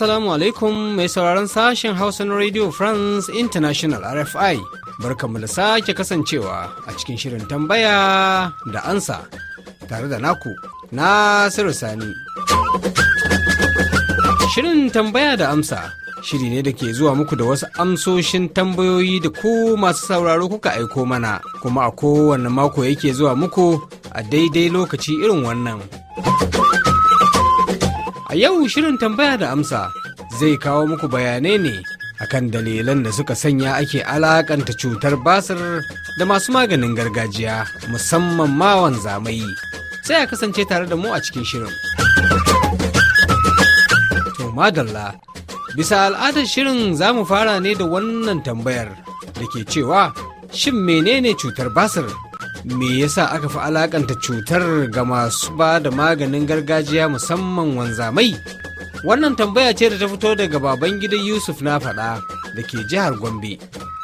Assalamu alaikum mai sauraron sashen Hausa na Radio France International RFI. Barkanmu da sake kasancewa a cikin shirin tambaya da ansa tare da naku Nasiru Sani. Shirin tambaya da amsa shiri ne da ke zuwa muku da wasu amsoshin tambayoyi da ku masu sauraro kuka aiko mana kuma a kowane mako yake zuwa muku a daidai lokaci irin wannan. A yau shirin tambaya da amsa zai kawo muku bayanai ne akan dalilan da suka sanya ake alakanta cutar basir da masu maganin gargajiya musamman mawan zamai. Sai a kasance tare da mu a cikin shirin. To madalla, bisa al'adar shirin za mu fara ne da wannan tambayar da ke cewa shin menene cutar basir? me yasa aka fi alakanta cutar ga masu ba da maganin gargajiya musamman wanzamai wannan tambaya ce da ta fito daga baban gidan yusuf na faɗa da ke jihar gombe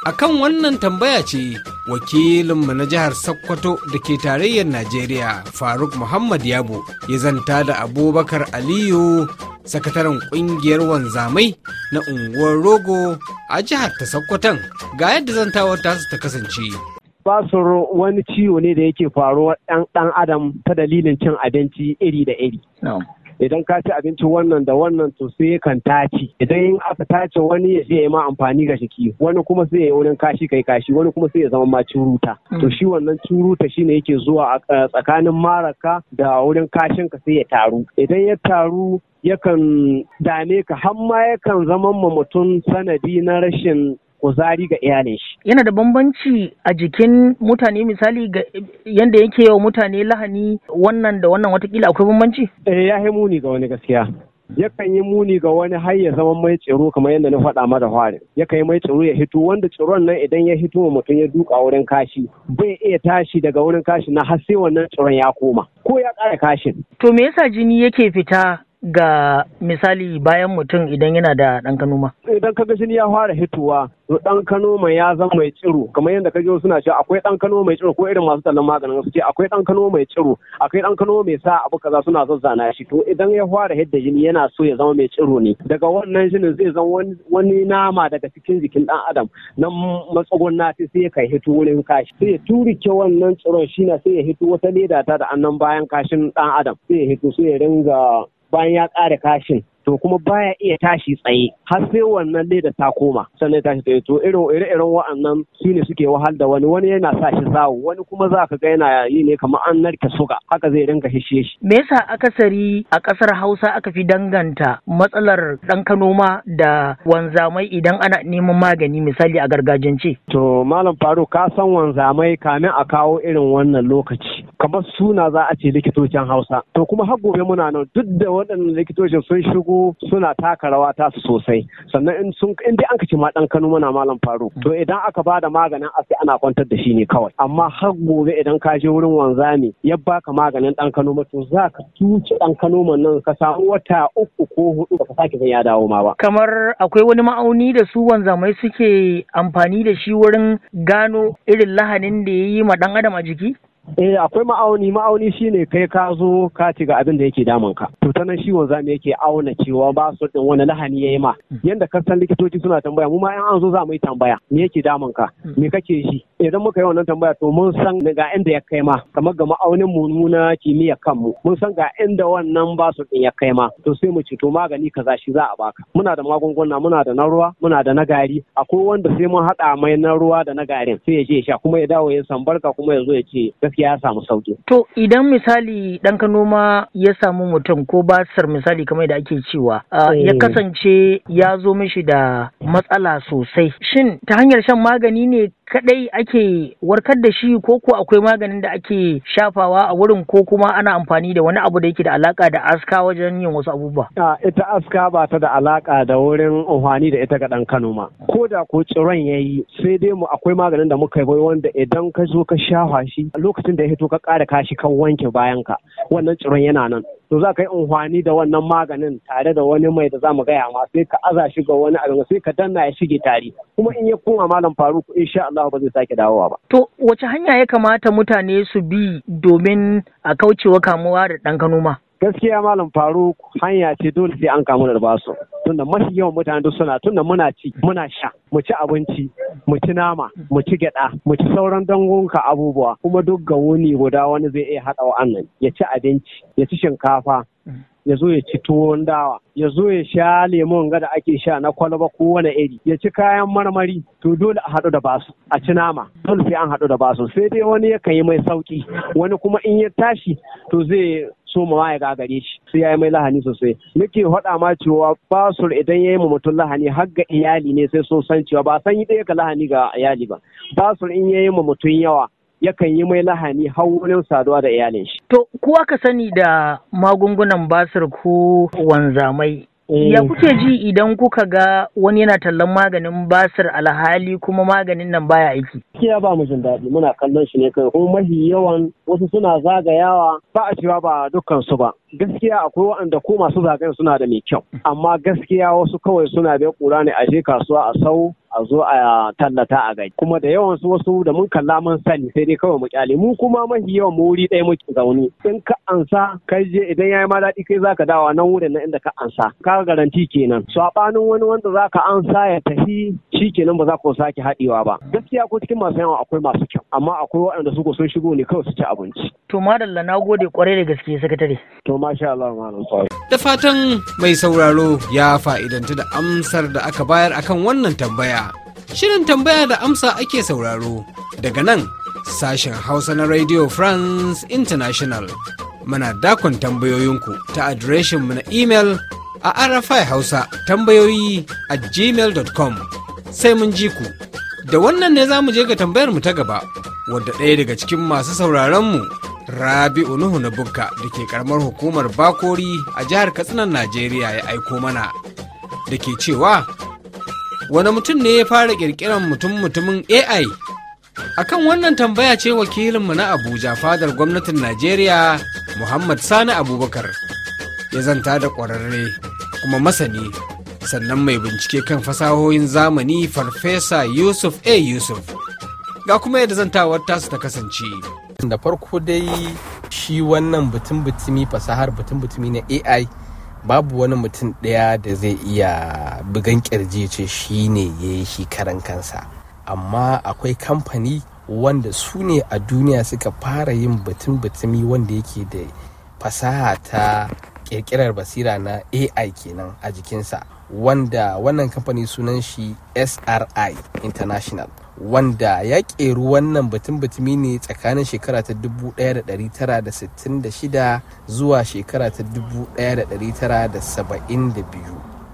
A kan wannan tambaya ce wakilinmu na jihar sokoto da ke tarayyar najeriya faruk muhammad yabo ya zanta da abubakar aliyu sakataren kungiyar wanzamai na unguwar rogo a jihar ta sokoton ga yadda zantawar tasu ta kasance basur wani ciwo ne da yake faruwa ɗan ɗan adam ta dalilin cin abinci iri da iri. Idan ka ci abinci wannan da wannan to sai kan taci. Idan yin aka tace wani ya sai ya ma amfani ga shiki, wani kuma sai ya yi wurin kashi kai kashi, wani kuma sai ya zama ma curuta. Mm. To shi wannan curuta shine yake zuwa tsakanin maraka da wurin kashin ka sai ya taru. Idan ya taru yakan dame ka har ma yakan zama ma mutum sanadi na rashin kuzari ga iyalin shi. Yana da bambanci a jikin mutane misali ga yanda yake yawa mutane lahani wannan da wannan watakila akwai bambanci? Eh ya yi muni ga wani gaskiya. Yakan yi muni ga wani har ya zama mai tsiro kamar yadda na faɗa mada hwari. Yakan yi mai tsiro ya hito wanda tsiron nan idan ya hito wa mutum ya duka wurin kashi bai iya tashi daga wurin kashi na har sai wannan tsiron ya koma ko ya ƙara kashin. To me yasa jini yake fita ga misali bayan mutum idan yana da ɗan Idan ka shi ya fara hituwa, to ɗan kanoma ya zama mai ciro, kamar yadda ka suna cewa akwai ɗan kano mai ciro ko irin masu tallan maganin su ce akwai ɗan kanoma mai ciro, akwai ɗan mai sa abu kaza suna zazzana shi. To idan ya fara hidda jini yana so ya zama mai ciro ne. Daga wannan jinin zai zama wani nama daga cikin jikin ɗan adam nan matsagon nati sai ya kai hito wurin kashi. Sai ya turike wannan tsiron shi na sai ya hito wata leda ta da annan bayan kashin ɗan adam sai ya hito sai ya ringa bayan ya ƙare kashin to kuma baya iya tashi tsaye har sai wannan leda ta koma sannan tashi tsaye to irin ire wa'annan su ne suke wahal da wani wani yana sa shi zawo wani kuma za ka ga yana yi ne kamar an narke suga haka zai rinka hishe shi me yasa akasari a kasar Hausa aka fi danganta matsalar dan kanoma da wanzamai idan ana neman magani misali a gargajiyance to malam faru ka san wanzamai kamin a kawo irin wannan lokaci kamar suna za a ce likitocin Hausa to kuma har gobe muna nan duk da waɗannan likitocin sun shigo suna taka rawa ta su sosai sannan in sun in dai an kace ma dan Kano mana malam faru to idan aka ba da maganin asi ana kwantar da shi ne kawai amma har gobe idan ka je wurin wanzami ya baka maganin dan Kano ma to za ka tuci dan Kano man nan ka samu wata uku ko hudu ka sake ya dawo ma ba kamar akwai wani ma'auni da su wanzamai suke amfani da shi wurin gano irin lahanin da yayi ma dan adam a jiki Eh akwai ma'auni ma'auni shine kai ka zo ka ci ga abin da yake damun ka. To ta nan shi wanzami yake auna cewa ba su din wani lahani yayi ma. Hmm. Yanda ka san likitoci suna tambaya mu ma in an zo za mu yi tambaya me yake damun ka hmm. me kake shi. Idan muka yi wannan tambaya to mun san ga inda ya kai ma kamar ga ma'aunin mu na kimiyya kanmu mun san ga inda wannan ba su din ya kai ma to sai mu ci to magani kaza shi za a baka. Muna da magunguna muna da na ruwa muna da na gari akwai wanda sai mun haɗa mai na ruwa da na garin sai ya je sha kuma ya dawo ya sambarka kuma ya zo ya ce ya samu sauki. To idan misali ɗan noma ya samu mutum ko basar misali kamar da ake cewa ya eh. kasance ya zo mishi da matsala sosai. Shin ta hanyar shan magani ne kadai ake warkar da shi ko ko akwai maganin da ake shafawa a wurin ko kuma ana amfani da wani abu da yake da alaka da aska wajen yin wasu abubuwa ita aska ba ta da alaka da wurin amfani da ita ga dan Kano ma ko da ko tsiron yayi sai dai mu akwai maganin da muka yi wanda idan ka zo ka shafa shi lokacin da ya hito ka kara kashi kan wanke bayan ka wannan tsiron yana nan to za ka yi unhwani da wannan maganin tare da wani mai da zamu gaya ma sai ka aza shi ga wani abin sai ka danna ya shige tari kuma in ya koma malam faruk insha Allah ba zai sake dawowa ba to wace hanya ya kamata mutane su bi domin a kaucewa kamuwa da ɗan kanoma gaskiya malam faru hanya ce dole sai an kamu da basu tunda mafi yawan mutane duk suna tunda muna ci muna sha mu ci abinci mu ci nama mu ci gyada mu ci sauran dangonka abubuwa kuma duk ga wuni guda wani zai iya haɗa wa'annan ya ci abinci ya ci shinkafa ya zo ya ci tuwon dawa ya zo ya sha lemon ga da ake sha na kwalba ko wani iri ya ci kayan marmari to dole a haɗu da basu a ci nama dole sai an haɗu da basu sai dai wani yakan yi mai sauki wani kuma in ya tashi to zai su ma ya gare shi sai ya yi mai lahani sosai nake faɗa ma cewa basur idan ya yi ma mutum lahani har ga iyali ne sai sun san cewa ba san yi ɗaya ka lahani ga iyali ba basur in ya yi ma mutum yawa yakan yi mai lahani har wurin saduwa da iyalin shi. To kuwa ka sani da magungunan basir ko wanzamai Eh. Ya kuke ji idan kuka ga wani yana tallan maganin basir alhali kuma maganin nan baya aiki? Kiya ba mu jin daɗi muna kallon shi ne kai kuma mafi yawan wasu suna zagayawa ba a cewa ba dukkan su ba. Gaskiya akwai waɗanda ko masu zagayen suna da mai kyau amma gaskiya wasu kawai suna bai kura ne a je kasuwa a sau a zo a tallata a gari kuma da yawan su wasu da mun kalla mun sani sai dai kawai mu kyale mu kuma mafi yawan mu wuri ɗaya muke zaune in ka ansa kai je idan yayi ma daɗi kai zaka dawo nan wurin nan inda ka ansa ka garanti kenan sabanin wani wanda zaka ansa ya tafi shikenan ba za ku sake haɗewa ba gaskiya ko cikin masu yawa akwai masu kyau amma akwai waɗanda su ko sun shigo ne kawai su ci abinci to madalla na gode kwarai da gaske sakatare to masha Allah malam da fatan mai sauraro ya fa'idanta da amsar da aka bayar akan wannan tambaya Shirin tambaya da amsa ake sauraro daga nan sashen Hausa na Radio France International. Muna dakon tambayoyinku ta adireshin mu na imel a arafai hausa tambayoyi a gmail.com sai mun ji ku. Da wannan ne za mu je ga tambayar mu ta gaba, wadda ɗaya daga cikin masu sauraron mu Rabi'u Nuhu na Bukka da ke karamar hukumar Bakori a jihar Katsinan Najeriya ya aiko mana da ke cewa wani mutum ne ya fara ƙirƙirar mutum-mutumin AI? Akan wannan tambaya ce wakilinmu na Abuja fadar gwamnatin Najeriya Muhammad Sani Abubakar ya zanta da ƙwararre kuma masani sannan mai bincike kan fasahohin zamani Farfesa Yusuf A. Yusuf. Ga kuma yadda zantawar tasu ta kasance. Da farko dai shi wannan butun-butumi fasahar butun-butumi na AI babu wani mutum ɗaya da zai iya bugan kirji ce shi ne ya yi shi karan kansa amma akwai kamfani wanda su ne a duniya suka fara yin batun batumi wanda yake da fasaha ta kirkirar basira na ai kenan a jikinsa wanda wannan kamfani sunan shi sri international wanda ya ƙeru wannan batun batumi ne tsakanin shekara ta 1966 zuwa shekara ta 1972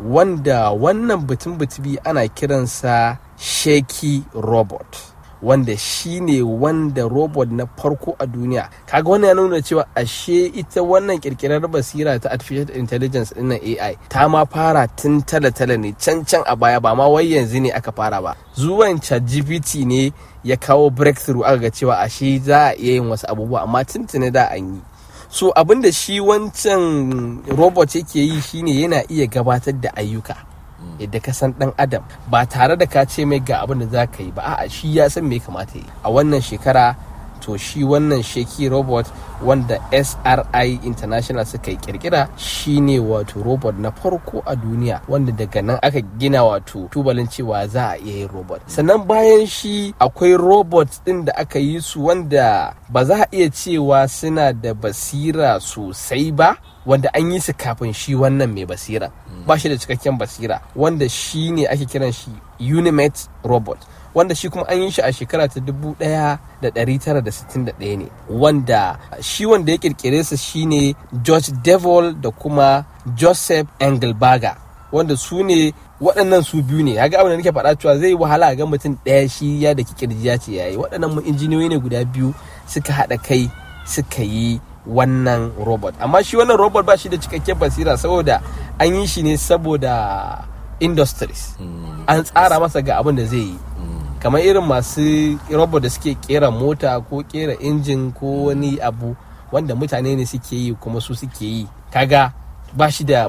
wanda wannan batun batumi ana kiransa sheki robot wanda shi ne wanda robot na farko a duniya kaga wannan ya nuna cewa ashe ita wannan kirkirar basira ta artificial intelligence ɗin ai ta ma fara tun tala tala ne can can a baya ba ma wai yanzu ne aka fara ba zuwan ChatGPT ne ya kawo breakthrough aka ga cewa ashe za a iya yin wasu abubuwa amma tuntuni da an yi so da shi wancan robot yake yi shine yana iya gabatar da ayyuka yadda ka san dan adam ba tare da ka ce mai ga abin da za ka yi ba a'a shi ya san me kamata yi a wannan shekara to shi wannan sheki robot wanda sri international suka yi kirkira shine wato robot na farko a duniya wanda daga nan aka gina wato tubalin cewa za a iya yin robot sannan bayan shi akwai robot din da aka yi su wanda ba za a iya cewa suna da basira sosai ba wanda an yi su kafin shi wannan mai basira ba shi da cikakken basira wanda shi ne ake kiran shi unimate robot wanda shi kuma an yi shi a shekara ta dubu tara 1961 ne wanda shi wanda ya kirkire sa shine George Devol da kuma Joseph Engelberger wanda su ne waɗannan su biyu ne ga abin da nake faɗa cewa zai wahala ga mutum ɗaya shi ya da kirji ya ce yayi waɗannan injiniyoyi ne guda biyu suka haɗa kai suka yi wannan robot amma shi wannan robot ba shi da cikakken basira saboda an yi shi ne saboda industries hmm. an tsara masa ga abin da zai yi kamar irin masu robot da suke kera mota ko kera injin ko wani abu wanda mutane ne suke yi kuma su suke yi kaga ba shi da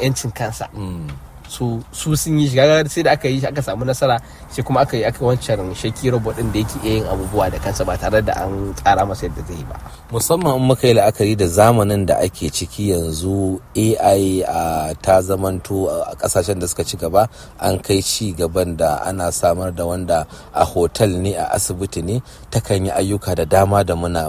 yancin kansa mm. su sun yi shi kaga sai da aka yi aka samu nasara sai kuma aka yi aka wancan shaki robot din da yake yin abubuwa da kansa ba tare da an tsara masa yadda zai ba musamman in muka yi la'akari da zamanin da ake ciki yanzu AI a ta zamanto a kasashen da suka ci gaba an kai ci gaban da ana samar da wanda a hotel ne a asibiti ne takan yi ayyuka da dama da muna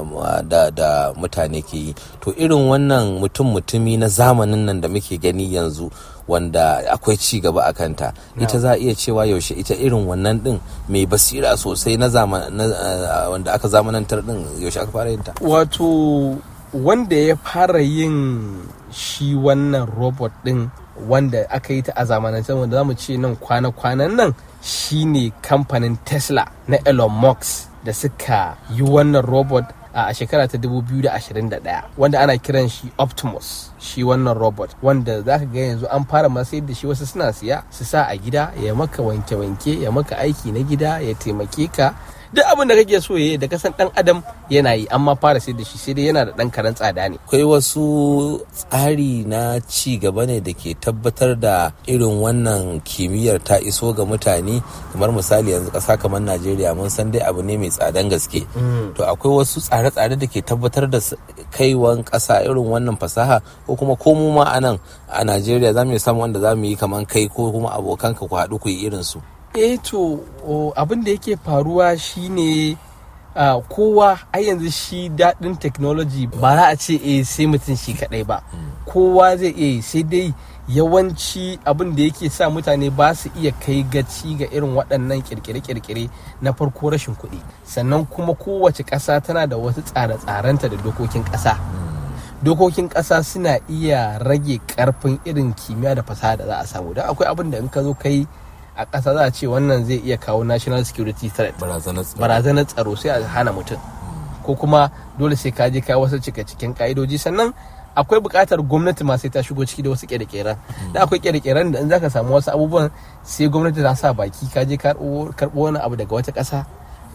da, da mutane ke yi to irin wannan mutum mutumi na zamanin nan da muke gani yanzu wanda akwai ci gaba a kanta ita za a iya cewa yaushe ita irin wannan din mai basira sosai na eh, wanda aka zamanantar din yaushe aka fara yin ta wato wanda ya fara yin shi wannan robot din wanda aka yi ta a zamanantar wanda zamu ce nan kwana-kwanan nan shine kamfanin tesla na elon musk da suka yi wannan robot a shekara ta 2021 wanda ana kiran shi optimus shi wannan robot wanda za ka ga yanzu an fara masu yadda shi wasu suna siya su sa a gida ya maka wanke-wanke ya maka aiki na gida ya taimake ka duk abin da kake so yayi da kasan dan adam yana yi amma fara sai da shi sai dai yana da dan karan tsada ne akwai wasu tsari na ci gaba ne da ke tabbatar da irin wannan kimiyyar ta iso ga mutane kamar misali yanzu ƙasa kamar Najeriya mun san dai abu ne mai tsadan gaske mm. to akwai wasu tsare-tsare da ke tabbatar da kaiwan ƙasa irin wannan fasaha ko kuma komo ma a nan a Najeriya za mu samu wanda za mu yi kamar kai ko kuma abokanka ku haɗu ku yi irin su eh to abin da yake faruwa shine uh, kowa a yanzu shi daɗin technology ba za a ce eh sai mutum shi kaɗai ba kowa zai iya sai dai yawanci abin da yake sa mutane ba su iya kai gaci ga irin waɗannan kirkire-kirkire na farko rashin kuɗi sannan kuma kowace ƙasa tana da wasu tsare-tsarenta da dokokin ƙasa dokokin ƙasa suna iya rage ƙarfin irin kimiyya da fasaha da za a samu don akwai abin da in ka zo kai a ƙasa za a ce wannan zai iya kawo national security threat barazanar tsaro sai a hana mutum ko kuma dole sai ka je ka wasu cika cikin ka'idoji sannan akwai buƙatar gwamnati ma sai ta shigo ciki da wasu ƙere hmm. da akwai ƙere da in za ka samu wasu abubuwan sai gwamnati ta sa baki ka je karɓo wani abu daga wata ƙasa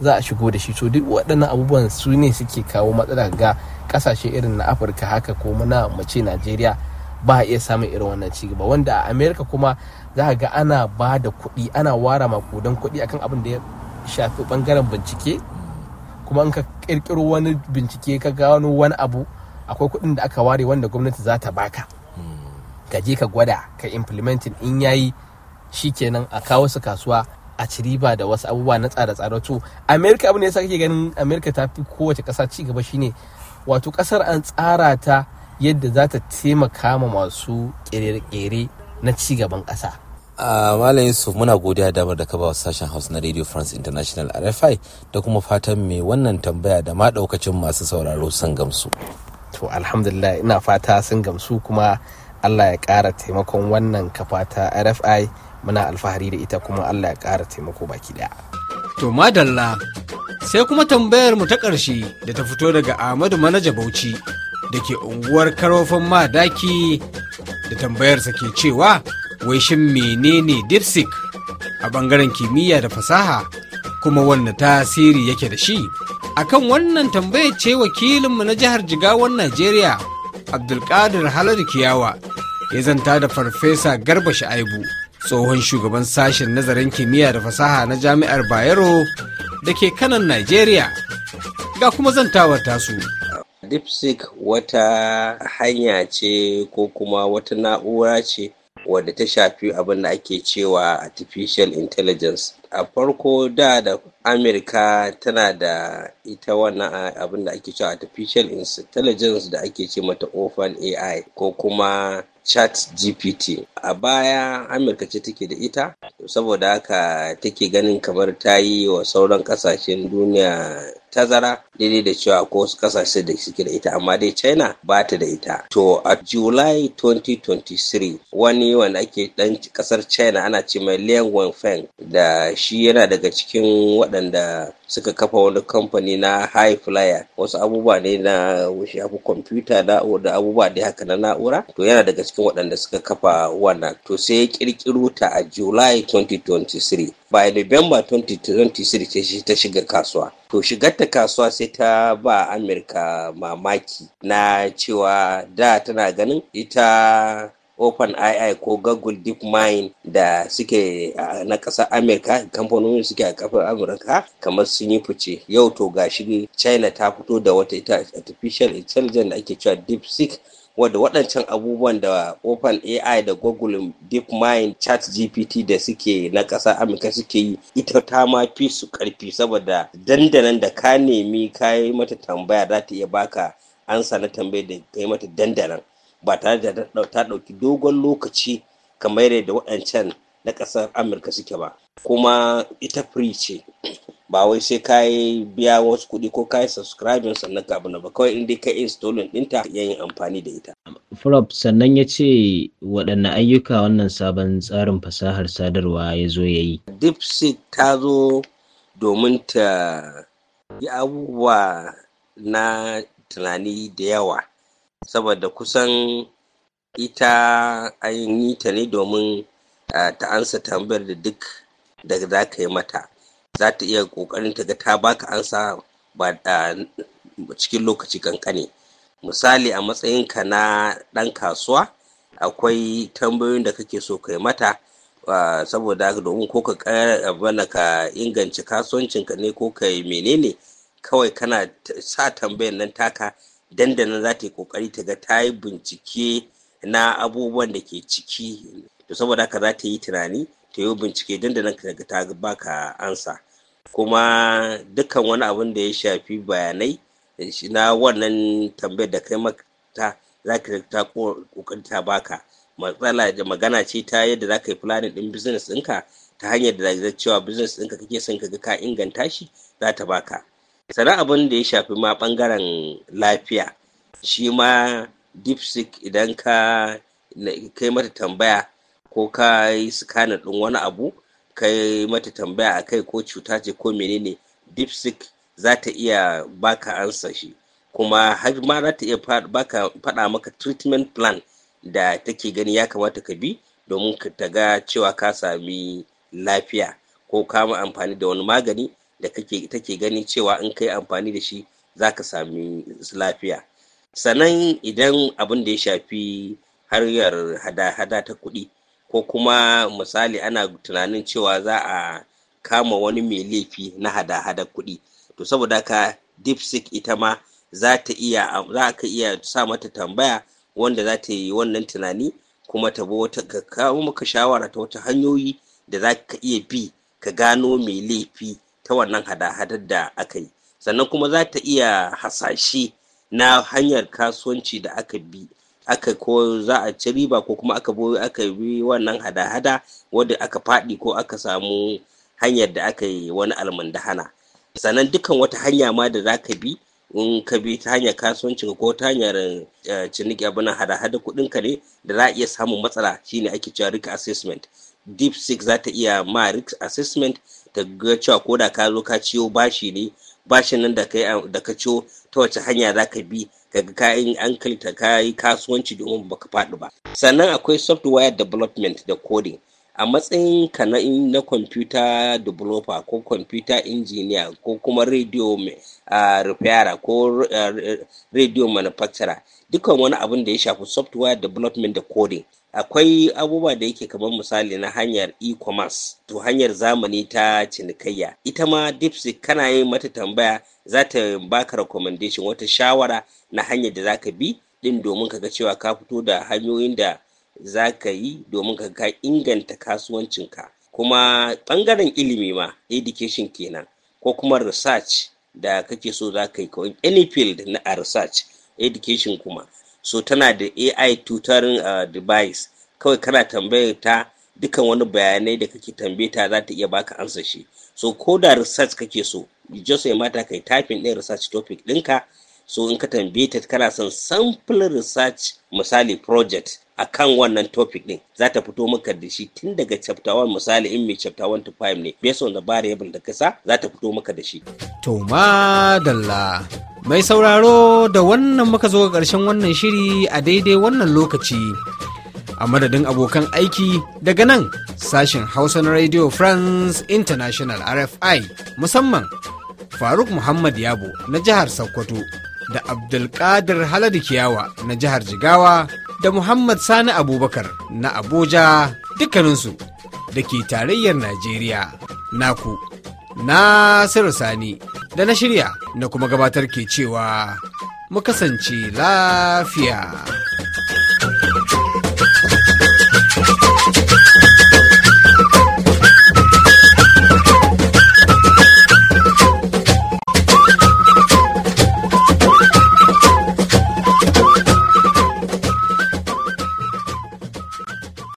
za a shigo da shi to duk waɗannan abubuwan su ne suke kawo matsala ga ƙasashe irin na afirka haka ko na mace najeriya ba a iya samun irin wannan cigaba wanda a amerika kuma za ga ana ba da kuɗi ana wara makudan kuɗi akan abin da ya shafi bangaren bincike kuma in ka kirkiro wani bincike ka gano wani abu akwai kuɗin da aka ware wanda gwamnati za ta baka hmm. ka je ka gwada ka implementing in yayi kenan a kawo su kasuwa a ci riba da wasu abubuwa na tsare-tsare to america abin da yasa kake ganin america ta fi kowace ƙasa ci gaba shine wato ƙasar an tsara ta yadda za ta taimaka ma masu ƙere-ƙere na ci gaban ƙasa. malam yusuf muna godiya damar da ka ba sashen House na radio france international rfi da kuma fatan mai wannan tambaya da ma daukacin masu sauraro sun gamsu to alhamdulillah ina fata sun gamsu kuma allah ya ƙara taimakon wannan kafata rfi muna alfahari da ita kuma allah ya ƙara taimako baki ɗaya. to madalla sai kuma tambayar mu ta ƙarshe da ta fito daga ahmadu manaja bauchi da ke unguwar karofin madaki da tambayarsa ke cewa wai shin menene dipsic a bangaren kimiyya da fasaha kuma wanne tasiri yake da shi akan wannan tambaya ce wakilinmu na jihar jigawan najeriya abdulkadir haladu kiyawa ya zanta da farfesa garba sha'aibu tsohon shugaban sashen nazarin kimiyya da fasaha na jami'ar bayero da ke kanan najeriya ga kuma zantawar su. DeepSeek wata hanya ce ko kuma wata na'ura ce wadda ta shafi abin da ake cewa artificial intelligence. A farko da da amurka tana da ita wannan abin da ake cewa artificial intelligence da ake ce mata open ai ko kuma chat gpt a baya amurka ce take da ita saboda haka take ganin kamar ta yi wa sauran kasashen duniya tazara daidai da cewa ko wasu kasashe da suke da ita amma dai china ba ta da ita to a july 2023 wani wanda ake dan kasar china ana ce mai liang wenfeng da shi yana daga cikin waɗanda suka kafa wani kamfani na high flyer wasu abubuwa ne na shafi kwamfuta da abubuwa da haka na na'ura to yana daga cikin waɗanda suka kafa wannan to sai ya ƙirƙiro ta a july 2023 by november 2023 ta shiga kasuwa to shigar ta kasuwa sai ta ba amurka mamaki na cewa da tana ganin ita open ai ko google deep mind da suke na ƙasar amerika kamfanonin suke a kafar amurka kamar sun yi fice yau to gashi china ta fito da wata ita artificial intelligence da ake cewa deep seek wadda waɗancan abubuwan da open ai da google deep mind chat gpt da suke na ƙasa amurka suke yi ita ta ma fi su ƙarfi saboda dandanan da ka nemi ka yi mata tambaya za ta iya baka ansa na tambayar da ka yi mata dandanan ba tare da ta ɗauki dogon lokaci kamar yadda waɗancan na ƙasar amurka suke ba kuma ita free ce ba wai sai ka yi biya wasu kuɗi ko ka yi subscribing sannan ka na ba kawai in dai ka installing ɗinta ya yin amfani da ita. Frop sannan ya ce waɗanne ayyuka wannan sabon tsarin fasahar sadarwa ya zo ya yi. DeepSeek ta zo domin ta yi abubuwa na tunani da yawa saboda kusan ita an yi ta ne domin ta ansa tambayar da duk da za ka yi mata za ta iya kokarin ta ga ta baka ansa ba cikin lokaci kankane misali a matsayinka na ɗan kasuwa akwai tambayoyin da kake so ka yi mata saboda domin ko ka bana ka inganci kasuwancinka ne ko ka yi menene kawai kana sa tambayar nan taka dandanan za ta yi kokari ta ga ta yi bincike na abubuwan da ke ciki to saboda haka za ta yi tunani ta yi bincike dandanan ka ga ta baka ansa kuma dukkan wani abin da ya shafi bayanai na wannan tambayar da kai mata za ka ta ta baka matsala da magana ce ta yadda za ka yi planning din business ɗinka ta hanyar da za cewa business ɗinka kake son ka ga ka inganta shi za ta baka sannan abin da ya shafi ma bangaren lafiya shi ma dipsic idan ka kai mata tambaya ko ka yi scanner ɗin wani abu kai mata tambaya a kai ko cuta ce ko menene dipsic za ta iya baka ansa shi kuma har ma za ta iya baka faɗa maka treatment plan da take gani ya kamata ka bi domin ta ga cewa ka sami lafiya ko ka amfani da wani magani da kake take gani cewa in kai amfani da shi za ka sami lafiya sannan idan abin da ya shafi hanyar hada-hada ta kuɗi ko kuma misali ana tunanin cewa za a kama wani mai laifi na hada-hada kuɗi to saboda ka deep sick ita ma za ta iya za ka iya sa mata tambaya wanda za ta yi wannan tunani kuma ta wata ka kawo maka shawara ta wata hanyoyi da za ka iya bi ka gano mai laifi ta wannan hada-hadar da aka yi sannan kuma za ta iya hasashe na hanyar kasuwanci da aka bi aka ko za a ci riba ko kuma aka bi wannan hada-hada wadda aka faɗi ko aka samu hanyar da aka yi wani almandahana sannan dukkan wata hanya ma da za ka bi in ka bi ta hanyar kasuwanci ko ta hanyar eh, ciniki abin hada-hada kuɗin ka ne da za a iya samun matsala shine ake cewa risk assessment deep six za ta iya ma risk assessment ta ga cewa ko da ka zo ka ciyo bashi ne bashin nan da ka ciyo ta wace hanya za ka bi ga ka yi ankalta ka yi kasuwanci domin ba ka faɗi ba sannan akwai software development da coding a matsayin ka na kwamfuta computer developer ko computer engineer ko kuma radio repairer ko radio manufacturer dukkan wani abin da ya shafi software development da coding akwai abubuwa da yake kamar misali na hanyar e-commerce to hanyar zamani ta cinikayya ita ma dipsic kana yin mata tambaya za ta baka recommendation wata shawara na hanyar da za ka bi din domin ka ga cewa ka fito da hanyoyin da za ka yi domin ka ga inganta kasuwancinka kuma bangaren ilimi ma education kenan ko kuma research da kake so za ka yi kawai any field na research education kuma so tana da ai tutoring uh, device kawai kana tambayar ta dukan wani bayanai da kake tambaye ta za ta iya baka ansa shi so ko da research kake so just ya mata kai typing ɗin research topic ɗinka so in ka tambaye ta kana son sample research misali project akan wannan topic din za ta fito maka da shi tun daga chapter 1 misali in mai chapter 1 to 5 ne based on the variable da kasa za ta fito maka da shi to madalla Mai sauraro da wannan muka zo ga ƙarshen wannan shiri a daidai wannan lokaci. A madadin abokan aiki daga nan sashen Hausa na Radio France International RFI musamman Faruk Muhammad Yabo na jihar Sokoto da Abdulkadir Haladu Kiyawa na jihar Jigawa da Muhammad Sani Abubakar na Abuja dukkaninsu da ke tarayyar Najeriya. Naku, na Sani da na shirya. na kuma gabatar ke cewa mu kasance lafiya.